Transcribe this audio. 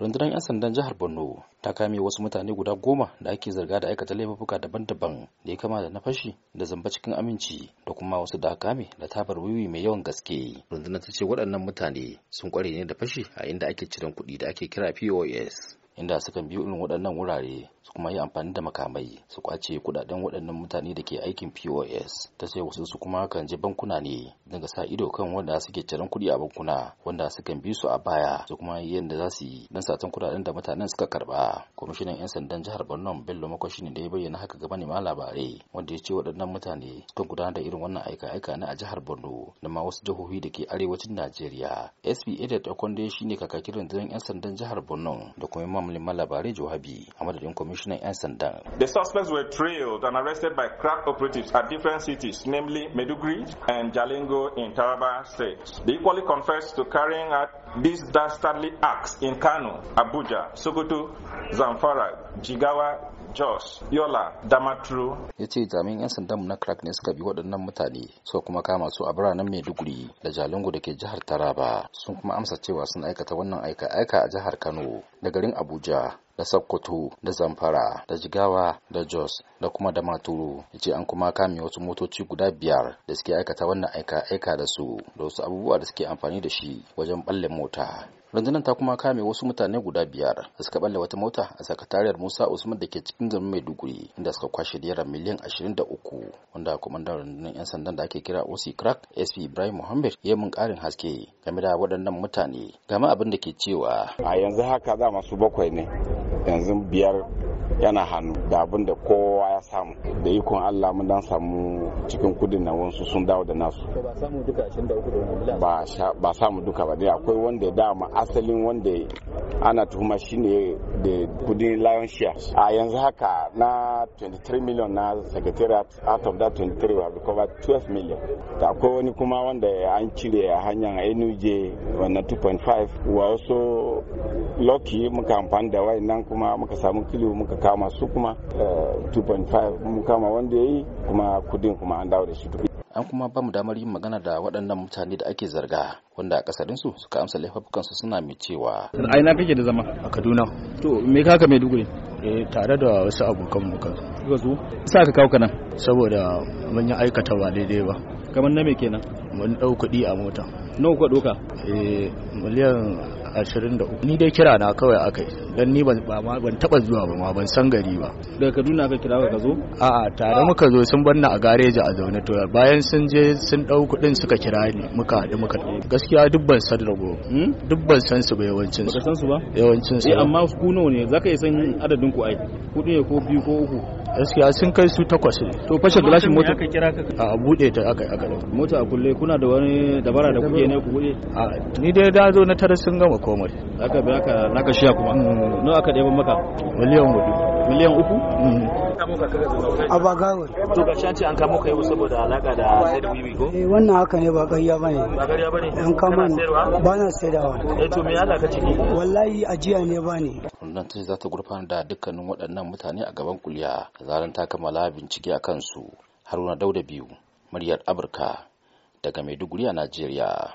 rundunar 'yan sandan jihar borno ta kame wasu mutane guda goma da ake zarga da aikata laifuka daban-daban da ya kama da na fashi da zamba cikin aminci da kuma wasu da kame da tabar wiwi mai yawan gaske rundunar ta ce waɗannan mutane sun kware ne da fashi a inda ake ciran kuɗi da ake kira pos inda suka biyo irin waɗannan wurare su kuma yi amfani da makamai su kwace kudaden waɗannan mutane da ke aikin pos ta sai wasu su kuma kan je bankuna ne daga sa ido kan wanda suke ciran kuɗi a bankuna wanda sukan bi su a baya su kuma yi yadda za su yi don satan kudaden da mutanen suka karba kwamishinan yan sandan jihar borno bello makwashi ne da ya bayyana haka ne ma labarai wanda ya ce waɗannan mutane sukan gudanar da irin wannan aika-aika na a jihar borno da ma wasu jihohi da ke arewacin najeriya sba da taekwondo shi ne kakakin rundunar yan sandan jihar borno da kuma kwamlin malabare johabi a madadin kwamishinan 'yan sanda. the suspects were trailed and arrested by crack operatives at different cities namely maiduguri and jalingo in taraba state they equally confessed to carrying out these dastardly acts in kano abuja sokoto zamfara jigawa Jos, Yola, Damaturu. Ya ce jami'an 'yan sandan na crack ne suka bi waɗannan mutane so kuma kama su a biranen Maiduguri da Jalingo da ke jihar Taraba sun kuma amsa cewa sun aikata wannan aika-aika a jihar Kano da garin Abuja. abuja da Sokoto da Zamfara da Jigawa da Jos da kuma da Maturu ya ce an kuma kame wasu motoci guda biyar da suke aikata wannan aika aika da su da wasu abubuwa da suke amfani da shi wajen balle mota rundunar ta kuma kame wasu mutane guda biyar da suka balle wata mota a sakatariyar musa usman da ke cikin mai maiduguri inda suka kwashe naira miliyan 23 wanda kwamandan rundunar 'yan sandan da ake kira osi crack sp ibrahim muhammad ya mun karin haske game da waɗannan mutane game abin da ke cewa a yanzu haka za masu bakwai ne yanzu biyar yana hannu da abin da kowa ya samu da ikon Allah mun dan samu cikin kudin na wasu sun dawo da nasu ba samu duka ba ba samu duka akwai wanda dama asalin wanda ana tuhuma shine da kudin lion shares a yanzu haka na 23 million na secretariat out of that 23 we have 12 million ta akwai wani kuma wanda an cire a hanyar NUJ wannan 2.5 wa wasu lucky muka amfani da nan kuma muka samu kilo muka kama su kuma 2.5 eh, mun kama wanda ya yi kuma kudin kuma an dawo da shi an kuma ba mu damar yin magana da waɗannan mutane da ake zarga wanda a kasarinsu suka amsa su suna mai cewa a ina kake da zama a kaduna to me kaka mai duguri eh tare da wasu abokan mu kan su sa ka kawo kana saboda mun yi aikata ba daidai ba kamar na me kenan mun dau kuɗi a mota nawa ka doka eh miliyan 23 ni dai kira na kawai aka yi dan ni ban ban taba zuwa ba ma ban san gari ba daga Kaduna ka kira ka zo a'a tare muka zo sun banna a gareji a zaune to bayan sun je sun dau kudin suka kira ni muka haɗu muka gaskiya dubban san rago hmm? dubban san su ba yawancin su ba yawancin su eh, amma ku nawa ne zaka yi san adadin ku ai kudin ne ko biyu ko uku gaskiya sun kai su takwas ne to fashe gilashin mota aka kira ka a bude ta aka aka mota a kulle kuna da wani dabara da kuke ne ku bude a ni dai da zo na tare sun gama komai aka bi aka naka shiya kuma mm. N'o aka ɗaya maka miliyan miliyan uku a gawar to ga shanci an kamo ka saboda alaka da sayar wiwi ko eh wannan haka ne ba gariya bane ba gariya bane an kama ni ba na sayarwa eh to me ka ciki wallahi ajiya ne bane gwamnati za ta gurfanar da dukkanin waɗannan mutane a gaban kuliya zaran ta kammala bincike a kansu haruna dauda biyu muryar amurka daga maiduguri a najeriya